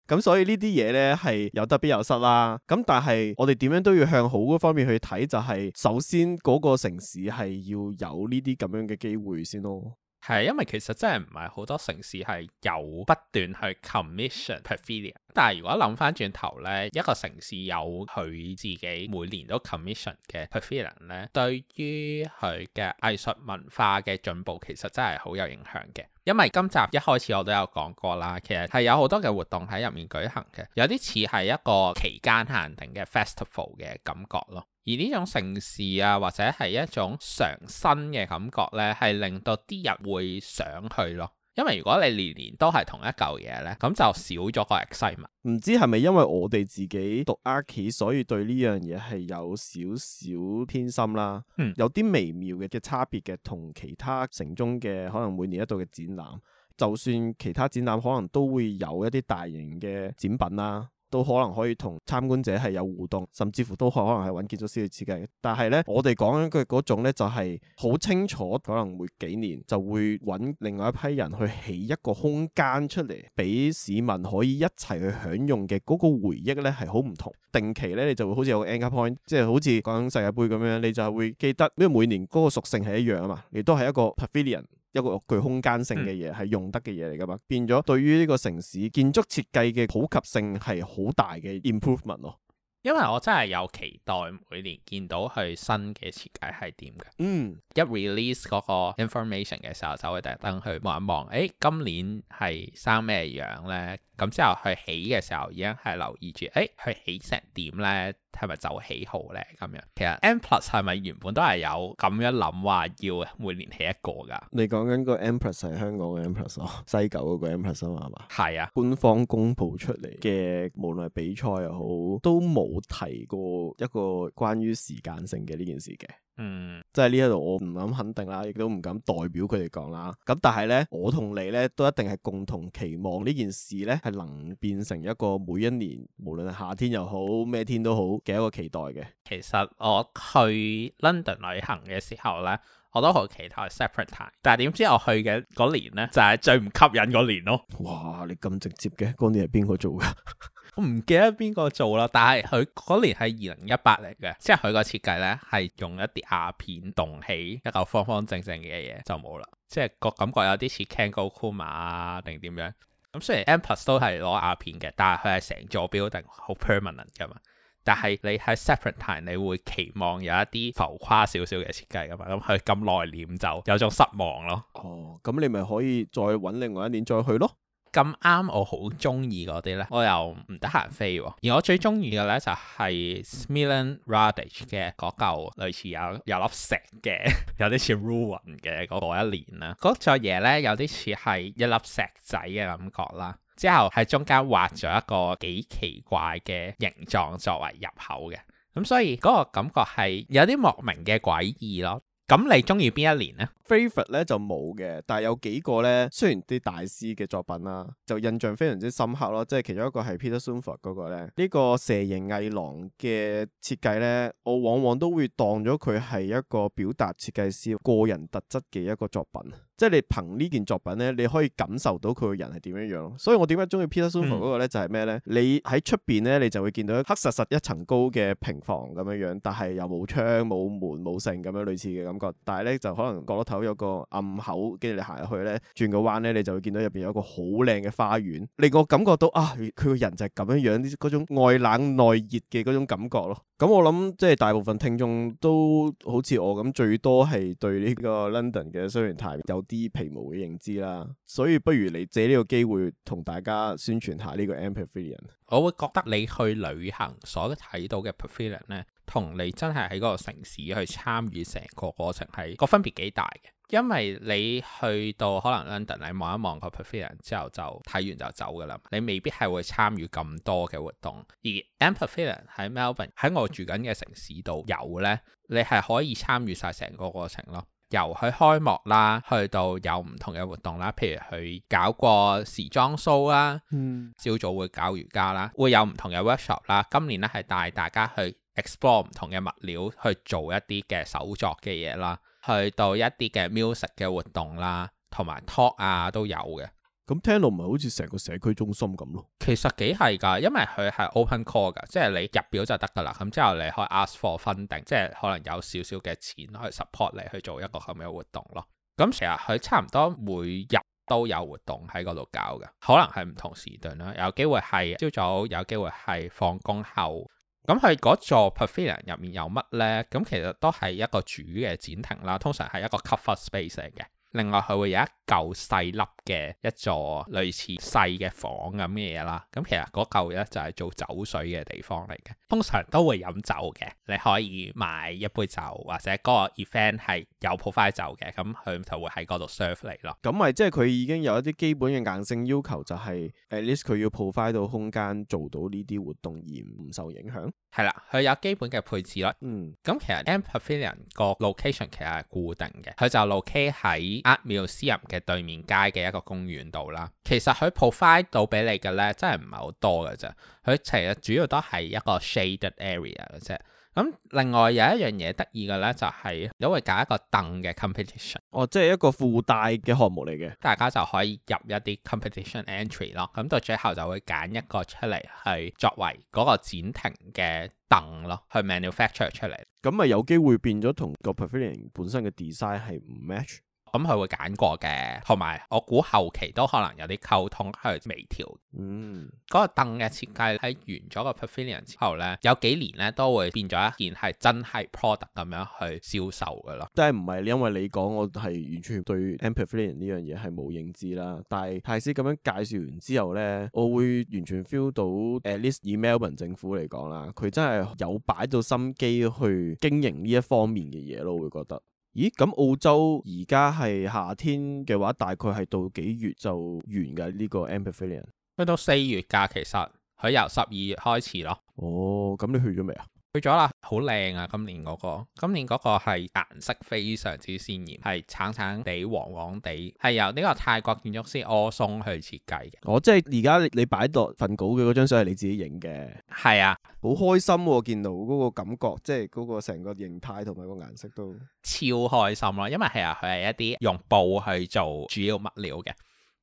咁 所以呢啲嘢咧係有得必有失啦。咁但係我哋點樣都要向好嗰方面去睇，就是，就係首先嗰個城市係要有呢啲咁樣嘅機會先咯。係，因為其實真係唔係好多城市係有不斷去 commission pavilion，但係如果諗翻轉頭呢，一個城市有佢自己每年都 commission 嘅 pavilion 呢，對於佢嘅藝術文化嘅進步，其實真係好有影響嘅。因為今集一開始我都有講過啦，其實係有好多嘅活動喺入面舉行嘅，有啲似係一個期間限定嘅 festival 嘅感覺咯。而呢種城市啊，或者係一種常新嘅感覺呢，係令到啲人會想去咯。因為如果你年年都係同一嚿嘢呢，咁就少咗個 excitement。唔知係咪因為我哋自己讀 archi，所以對呢樣嘢係有少少偏心啦？嗯，有啲微妙嘅嘅差別嘅，同其他城中嘅可能每年一度嘅展覽，就算其他展覽可能都會有一啲大型嘅展品啦。都可能可以同參觀者係有互動，甚至乎都可能係揾建築師去設計。但係咧，我哋講緊嘅嗰種咧，就係、是、好清楚，可能每幾年就會揾另外一批人去起一個空間出嚟，俾市民可以一齊去享用嘅嗰、那個回憶咧，係好唔同。定期咧，你就會好似有個 anchor point，即係好似講,講世界盃咁樣，你就係會記得，因為每年嗰個屬性係一樣啊嘛，亦都係一個 pavilion。一個具空間性嘅嘢係用得嘅嘢嚟噶嘛？變咗對於呢個城市建築設計嘅普及性係好大嘅 improvement 咯。因為我真係有期待每年見到佢新嘅設計係點嘅。嗯，一 release 嗰個 information 嘅時候就會特登去望一望，誒、哎，今年係生咩樣咧？咁之後佢起嘅時候已經係留意住，誒、哎，佢起成點咧？係咪就起好咧咁樣？其實 M Plus 係咪原本都係有咁樣諗話要每年起一個㗎？你講緊個 M Plus 係香港嘅 M Plus 咯、哦，西九嗰個 M Plus 嘛係嘛？係啊，官方公佈出嚟嘅，無論係比賽又好，都冇提過一個關於時間性嘅呢件事嘅。嗯，即係呢一度我唔敢肯定啦，亦都唔敢代表佢哋講啦。咁但係呢，我同你呢都一定係共同期望呢件事呢係能變成一個每一年無論係夏天又好咩天都好嘅一個期待嘅。其實我去 London 旅行嘅時候呢，我都好期待 Serpentine，但係點知我去嘅嗰年呢，就係、是、最唔吸引嗰年咯。哇，你咁直接嘅，嗰年係邊個做噶？ 唔記得邊個做啦，但係佢嗰年係二零一八嚟嘅，即係佢個設計呢係用一啲壓片動起一個方方正正嘅嘢就冇啦，即係個感覺有啲似 Kengo Kuma 啊定點樣？咁、嗯、雖然 M+ 都係攞壓片嘅，但係佢係成座標定好 permanent 㗎嘛。但係你喺 Serpentine 你會期望有一啲浮誇少少嘅設計㗎嘛？咁佢咁內斂就有種失望咯。哦，咁你咪可以再揾另外一年再去咯。咁啱我好中意嗰啲呢，我又唔得閒飛喎、啊。而我最中意嘅呢，就係 Smiljan Radic 嘅嗰嚿類似有有粒石嘅，有啲似 ruin 嘅嗰一年啦。嗰、那個、座嘢呢，有啲似係一粒石仔嘅感覺啦。之後喺中間畫咗一個幾奇怪嘅形狀作為入口嘅，咁所以嗰、那個感覺係有啲莫名嘅詭異咯。咁你中意邊一年呢？Favorite 咧就冇嘅，但係有幾個咧，雖然啲大師嘅作品啦，就印象非常之深刻咯。即係其中一個係 Peter Zumthor 嗰個咧，呢個蛇形藝廊嘅設計咧，我往往都會當咗佢係一個表達設計師個人特質嘅一個作品。即係你憑呢件作品咧，你可以感受到佢嘅人係點樣樣。所以我，我點解中意 Peter Zumthor 嗰個咧，就係咩咧？你喺出邊咧，你就會見到黑實實一層高嘅平房咁樣樣，但係又冇窗冇門冇剩咁樣類似嘅感覺。但係咧，就可能角落頭有個暗口，跟住你行入去咧，轉個彎咧，你就會見到入邊有一個好靚嘅花園，令我感覺到啊，佢嘅人就係咁樣樣啲嗰種外冷內熱嘅嗰種感覺咯。咁我諗即係大部分聽眾都好似我咁，最多係對呢個 London 嘅雖然太有啲皮毛嘅認知啦，所以不如你借呢個機會同大家宣傳下呢個 MPavilion。我會覺得你去旅行所睇到嘅 Pavilion 咧，同你真係喺嗰個城市去參與成個過程，係個分別幾大嘅。因為你去到可能 London 你望一望個 Pavilion 之後就睇完就走㗎啦，你未必係會參與咁多嘅活動。而 MPavilion 喺 Melbourne 喺我住緊嘅城市度有呢，你係可以參與晒成個過程咯，由佢開幕啦，去到有唔同嘅活動啦，譬如去搞個時裝 show 啦，嗯，朝早會搞瑜伽啦，會有唔同嘅 workshop 啦。今年呢，係帶大家去 explore 唔同嘅物料去做一啲嘅手作嘅嘢啦。去到一啲嘅 music 嘅活動啦，同埋 talk 啊都有嘅。咁聽落唔係好似成個社區中心咁咯？其實幾係㗎，因為佢係 open call 噶，即係你入表就得㗎啦。咁之後你可以 ask for funding，即係可能有少少嘅錢去 support 你去做一個後面嘅活動咯。咁其實佢差唔多每日都有活動喺嗰度搞嘅，可能係唔同時段啦，有機會係朝早，有機會係放工後。咁佢嗰座 pavilion 入面有乜咧？咁其實都係一個主嘅展廳啦，通常係一個 cover space 嚟嘅。另外佢會有一嚿細粒嘅一座類似細嘅房咁嘅嘢啦，咁其實嗰嚿嘢就係做酒水嘅地方嚟嘅，通常都會飲酒嘅，你可以買一杯酒或者嗰個 event 係有 provide 酒嘅，咁佢就會喺嗰度 serve 嚟咯。咁咪即係佢已經有一啲基本嘅硬性要求，就是，就係 at least 佢要 provide 到空間做到呢啲活動而唔受影響。係啦，佢有基本嘅配置咯。嗯，咁其實 MPavilion 個 location 其實係固定嘅，佢就 locate 喺阿繆斯林嘅對面街嘅一個公園度啦。其實佢 provide 到俾你嘅咧，真係唔係好多嘅啫。佢其實主要都係一個 shaded area 嘅啫。咁另外有一樣嘢得意嘅咧，就係因為搞一個凳嘅 competition。哦，即係一個附帶嘅項目嚟嘅，大家就可以入一啲 competition entry 咯。咁到最後就會揀一個出嚟，係作為嗰個展亭嘅凳咯，去 manufacture 出嚟。咁咪有機會變咗同個 pavilion 本身嘅 design 係唔 match。咁佢會揀過嘅，同埋我估後期都可能有啲溝通去微調。嗯，嗰個凳嘅設計喺完咗個 pavilion 之後咧，有幾年咧都會變咗一件係真係 product 咁樣去銷售噶啦。即係唔係因為你講我係完全對 MPavilion 呢樣嘢係冇認知啦，但係先咁樣介紹完之後咧，我會完全 feel 到，at least 以 Melbourne 政府嚟講啦，佢真係有擺到心機去經營呢一方面嘅嘢咯，我會覺得。咦，咁澳洲而家係夏天嘅話，大概係到幾月就完嘅呢？這個 MPavilion 去到四月㗎，其實佢由十二月開始咯。哦，咁你去咗未啊？去咗啦，好靚啊！今年嗰個，今年嗰個係顏色非常之鮮艷，係橙橙地、黃黃地，係由呢個泰國建築師柯松去設計嘅。我即係而家你你擺度份稿嘅嗰張相係你自己影嘅？係啊，好開心、啊、見到嗰個感覺，即係嗰個成個形態同埋個顏色都超開心啦、啊。因為係啊，佢係一啲用布去做主要物料嘅，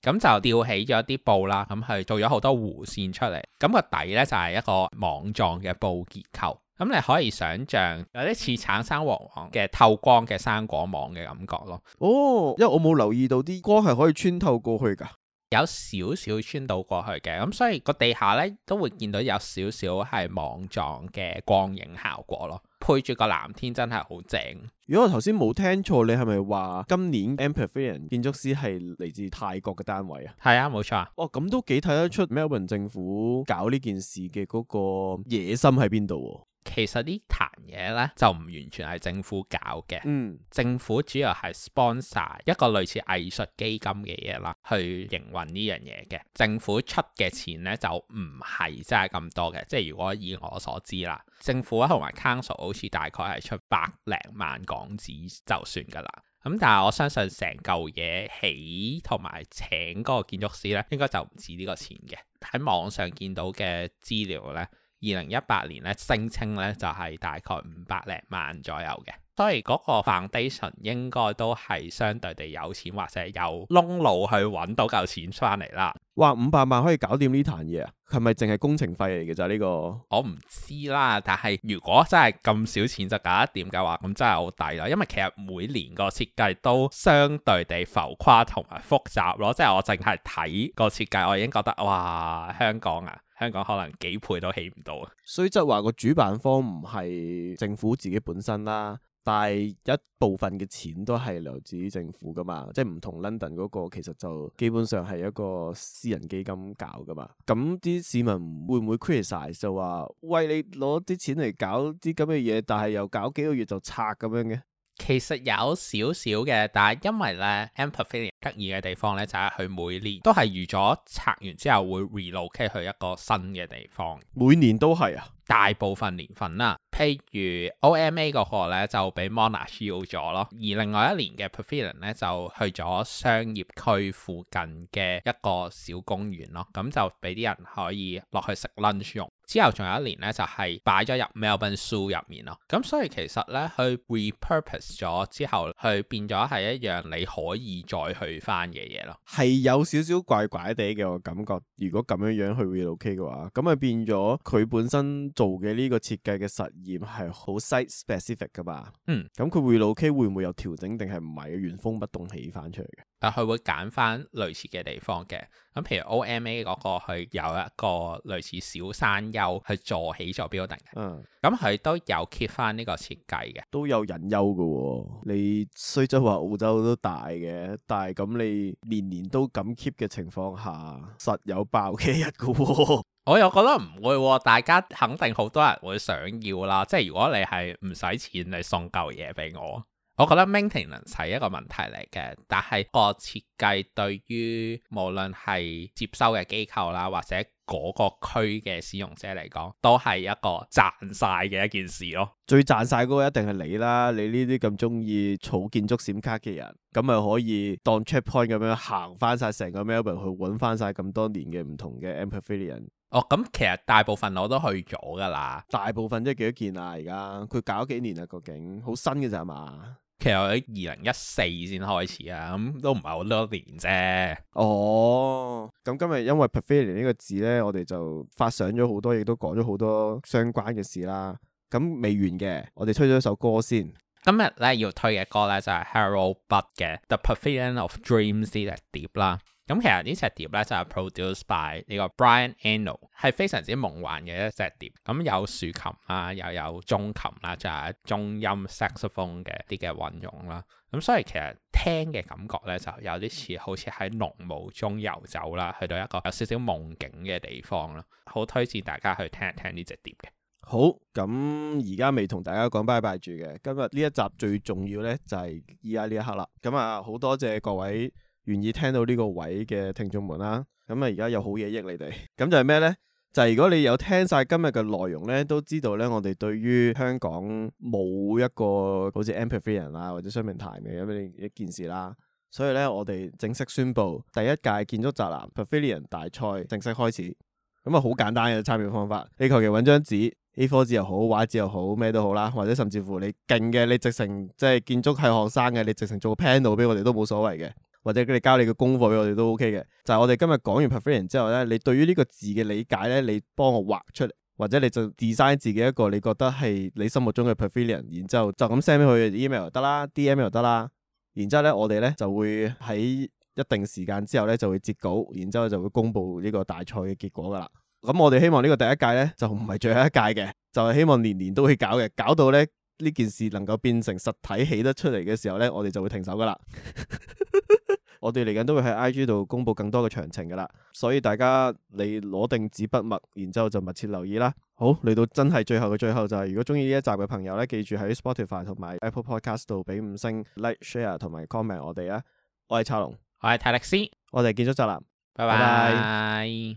咁就吊起咗一啲布啦，咁去做咗好多弧線出嚟。咁個底呢，就係一個網狀嘅布結構。咁你可以想象，有啲似橙生黃黃嘅透光嘅生果網嘅感覺咯。哦，因為我冇留意到啲光係可以穿透過去噶，有少少穿到過去嘅。咁所以個地下咧都會見到有少少係網狀嘅光影效果咯。配住個藍天真係好正。如果我頭先冇聽錯，你係咪話今年 MPavilion 建築師係嚟自泰國嘅單位啊？係啊，冇錯啊。哦，咁都幾睇得出 Melbourne 政府搞呢件事嘅嗰個野心喺邊度？其實呢壇嘢呢，就唔完全係政府搞嘅，嗯，政府主要係 sponsor 一個類似藝術基金嘅嘢啦，去營運呢樣嘢嘅。政府出嘅錢呢，就唔係真係咁多嘅，即係如果以我所知啦，政府同埋 Council 好似大概係出百零萬港紙就算㗎啦。咁但係我相信成嚿嘢起同埋請嗰個建築師呢，應該就唔止呢個錢嘅。喺網上見到嘅資料呢。二零一八年咧，聲稱咧就係大概五百零萬左右嘅，當然，嗰個 foundation 應該都係相對地有錢或者有窿路去揾到嚿錢翻嚟啦。哇！五百萬可以搞掂呢壇嘢啊？係咪淨係工程費嚟嘅就呢個？我唔知啦，但係如果真係咁少錢就搞得掂嘅話，咁真係好抵咯。因為其實每年個設計都相對地浮誇同埋複雜咯，即係我淨係睇個設計，我已經覺得哇，香港啊！香港可能幾倍都起唔到啊！所以即係話個主辦方唔係政府自己本身啦，但係一部分嘅錢都係來自於政府噶嘛，即係唔同 London 嗰個其實就基本上係一個私人基金搞噶嘛。咁啲市民會唔會 criticize 就話：喂，你攞啲錢嚟搞啲咁嘅嘢，但係又搞幾個月就拆咁樣嘅？其實有少少嘅，但係因為咧，MPavilion 得意嘅地方咧就係、是、佢每年都係預咗拆完之後會 relocate 去一個新嘅地方，每年都係啊，大部分年份啦，譬如 OMA 嗰個咧就俾 Monash 咗咯，而另外一年嘅 MPavilion 咧就去咗商業區附近嘅一個小公園咯，咁就俾啲人可以落去食 lunch。之後仲有一年咧，就係擺咗入 Melbourne Zoo 入面咯。咁所以其實咧，佢 repurpose 咗之後，佢變咗係一樣你可以再去翻嘅嘢咯。係有少少怪怪地嘅感覺。如果咁樣樣去 relook 嘅話，咁啊變咗佢本身做嘅呢個設計嘅實驗係好 site specific 噶嘛。嗯，咁佢 relook 會唔會有調整定係唔係原封不動起翻出嚟嘅？啊，佢會揀翻類似嘅地方嘅，咁譬如 O M A 嗰、那個，佢有一個類似小山丘去做起座 building 嘅，咁佢都有 keep 翻呢個設計嘅，都有隱憂㗎喎。你雖則話澳洲都大嘅，但係咁你年年都咁 keep 嘅情況下，實有爆嘅一日嘅，哦。 我又覺得唔會，大家肯定好多人會想要啦。即係如果你係唔使錢嚟送嚿嘢俾我。我覺得 maintenance 係一個問題嚟嘅，但係個設計對於無論係接收嘅機構啦，或者嗰個區嘅使用者嚟講，都係一個賺晒嘅一件事咯。最賺晒嗰個一定係你啦！你呢啲咁中意儲建築閃卡嘅人，咁咪可以當 checkpoint 咁樣行翻晒成個 Melbourne 去揾翻晒咁多年嘅唔同嘅 MPavilion 哦，咁、嗯、其實大部分我都去咗㗎啦。大部分即係幾多件啊？而家佢搞咗幾年啊？究竟好新嘅咋嘛？其實喺二零一四先開始啊，咁、嗯、都唔係好多年啫。哦，咁今日因為 Pavilion 呢個字咧，我哋就發想咗好多，亦都講咗好多相關嘅事啦。咁未完嘅，我哋推咗一首歌先。今日咧要推嘅歌咧就係、是、Harold Budd 嘅《The Pavilion of Dreams》呢隻碟啦。咁其實呢隻碟咧就係、是、produce by 呢個 Brian Eno，係非常之夢幻嘅一隻碟。咁有豎琴啊，又有中琴啦，就係中音 saxophone 嘅啲嘅運用啦。咁所以其實聽嘅感覺咧就有啲似好似喺濃霧中遊走啦，去到一個有少少夢境嘅地方咯。好推薦大家去聽一聽呢隻碟嘅。好，咁而家未同大家講拜拜住嘅，今日呢一集最重要咧就係依家呢一刻啦。咁啊，好多謝各位。願意聽到呢個位嘅聽眾、啊、們啦，咁啊而家有好嘢益你哋，咁就係咩呢？就係如果你有聽晒今日嘅內容呢，都知道呢。我哋對於香港冇一個好似 MPavilion 啊或者雙面台嘅一一件事啦，所以呢，我哋正式宣布第一屆建築宅男 Pavilion 大賽正式開始。咁啊好簡單嘅參與方法，你求其揾張紙，A4 紙又好，畫紙又好，咩都好啦，或者甚至乎你勁嘅，你直成即係建築系學生嘅，你直成做個 panel 俾我哋都冇所謂嘅。或者佢哋交你嘅功課俾我哋都 OK 嘅，就係我哋今日講完 pavilion 之後咧，你對於呢個字嘅理解咧，你幫我畫出嚟，或者你就 design 自己一個你覺得係你心目中嘅 pavilion 然之後就咁 send 俾佢 email 得啦，DM 又得啦，然之後咧我哋咧就會喺一定時間之後咧就會截稿，然之後就會公佈呢個大賽嘅結果噶啦。咁我哋希望呢個第一屆咧就唔係最後一屆嘅，就係希望年年都會搞嘅，搞到咧。呢件事能夠變成實體起得出嚟嘅時候呢，我哋就會停手噶啦。 我哋嚟緊都會喺 IG 度公布更多嘅詳情噶啦，所以大家你攞定紙筆墨，然之後就密切留意啦。好，嚟到真係最後嘅最後就係、是，如果中意呢一集嘅朋友呢，記住喺 Spotify 同埋 Apple Podcast 度俾五星、Like、Share 同埋 Comment 我哋啊。我係查龍，我係泰力斯，我哋建築宅男，拜拜。